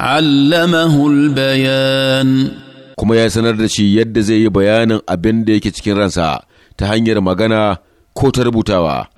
allamahu bayan kuma ya sanar da shi yadda zai yi bayanin abin da yake cikin ransa ta hanyar magana ko ta rubutawa